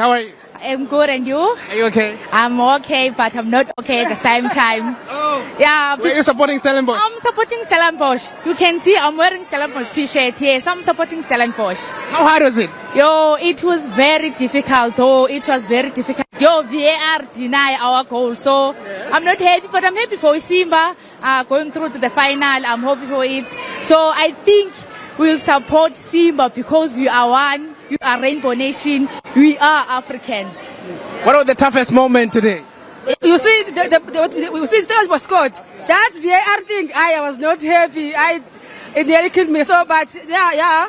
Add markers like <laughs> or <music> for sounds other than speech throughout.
How are you? I'm good, and you? Are you okay? I'm okay, but I'm not okay at the same time. <laughs> oh. Yeah. Are you supporting Stellenbosch? I'm supporting Stellenbosch. You can see I'm wearing Stellenbosch t-shirt. Yes, I'm supporting Stellenbosch. How hard was it? Yo, it was very difficult. Oh, it was very difficult. Yo, VAR deny our goal, so yeah. I'm not happy, but I'm happy for Simba uh, going through to the final. I'm happy for it. So I think we'll support Simba because you are one, you are Rainbow Nation, we are Africans. What was the toughest moment today? You see, the, the, the, you see, the was scored. That's VAR thing, I was not happy. I, it nearly killed me. So, but yeah, yeah,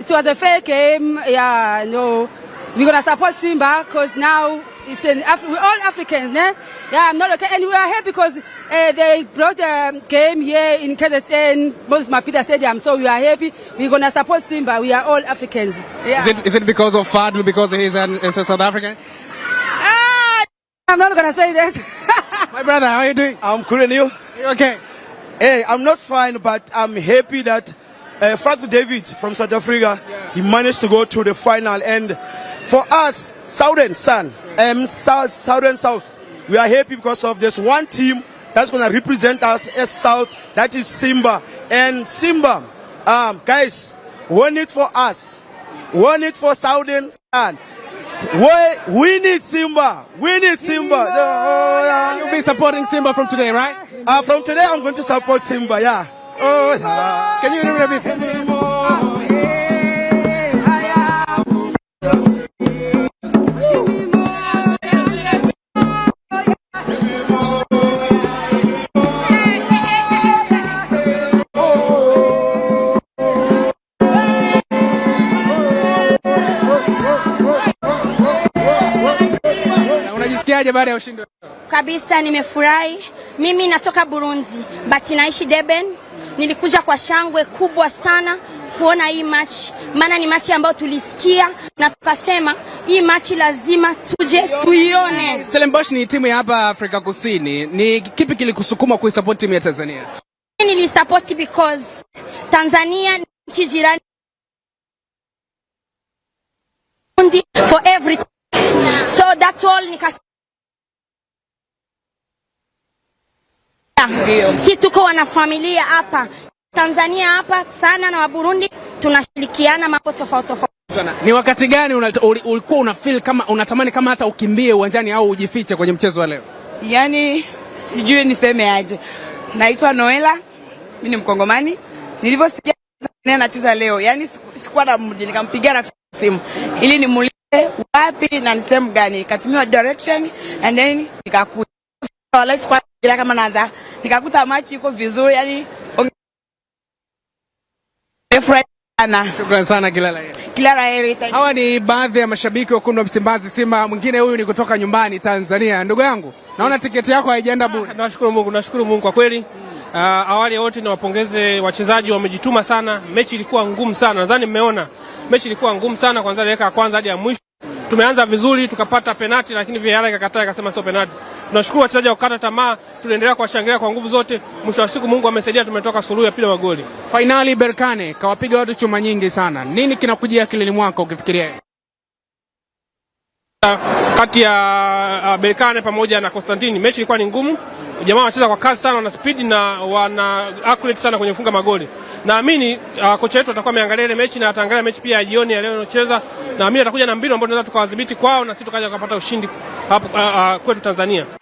it was a fair game. Yeah, no, we're gonna support Simba because now it's Af- we're all Africans, né? Yeah, I'm not okay. And we are here because uh, they brought the game here in KZN, Moses Mapida Stadium. So we are happy. We're going to support Simba. We are all Africans. Yeah. Is, it, is it because of Fadlu, because he's, an, a South African? Ah, I'm not going to say that. <laughs> My brother, how are you doing? I'm cool and you? you? okay? Hey, I'm not fine, but I'm happy that uh, David from South Africa, yeah. he managed to go to the final. And for us, Southern Sun, um, South, Southern South. We are happy because of this one team that's going to represent us as South. That is Simba. And Simba, um, guys, win it for us. win it for Southern Sudan. We, we need Simba. We need Simba. Simba. You'll be supporting Simba from today, right? Uh, from today, I'm going to support Simba, yeah. Oh, Can you me? Unajisikiaje baada ya ushindi? Kabisa, nimefurahi. Mimi natoka Burundi but naishi Deben. Nilikuja kwa shangwe kubwa sana kuona hii machi, maana ni machi ambayo tulisikia na tukasema hii machi lazima tuje tuione. Stellenbosch ni timu ya hapa Afrika Kusini, ni kipi kilikusukuma kuisupport timu ya Tanzania? Nilisupport because Tanzania ni nchi jirani for everything So that's all nika si tuko wanafamilia hapa Tanzania hapa sana na Waburundi tunashirikiana mambo tofauti tofauti. Ni wakati gani ulikuwa una feel kama unatamani kama hata ukimbie uwanjani au ujifiche kwenye mchezo wa leo? Yaani sijui niseme aje. Naitwa Noela, mimi ni Mkongomani. Nilivyosikia anacheza leo, yaani sikuwa na muda, nikampigia rafiki simu ili nimuulize wapi na ni sehemu gani, nikatumiwa direction and then nikakuta kama naanza nikakuta machi iko vizuri yani sana. Shukrani sana kila la heri. Kila la heri. Hawa ni baadhi ya mashabiki kundi wa Msimbazi Simba. Mwingine huyu ni kutoka nyumbani Tanzania. Ndugu yangu, naona tiketi yako haijaenda bure. Ah, nashukuru Mungu, nashukuru Mungu kwa kweli. Uh, awali ya wote niwapongeze wachezaji, wamejituma sana. Mechi ilikuwa ngumu sana, nadhani mmeona mechi ilikuwa ngumu sana, kwanza dakika ya kwanza hadi ya mwisho. Tumeanza vizuri tukapata penati, lakini VAR ikakataa ikasema sio penati. Tunashukuru wachezaji wakata tamaa, tunaendelea kuwashangilia kwa nguvu zote. Mwisho wa siku Mungu amesaidia, tumetoka suluhu ya pili magoli. Fainali Berkane kawapiga watu chuma nyingi sana. Nini kinakujia kilini mwako ukifikiria iliyopita kati ya uh, Berkane pamoja na Constantine, mechi ilikuwa ni ngumu. Jamaa wanacheza kwa kasi sana, wana speed na wana accurate sana kwenye kufunga magoli. Naamini uh, kocha wetu atakuwa ameangalia ile mechi na ataangalia mechi pia ya jioni ya leo inayocheza. Naamini atakuja na mbinu ambayo tunaweza tukawadhibiti kwao na sisi tukaja tukapata ushindi hapo uh, uh, kwetu Tanzania.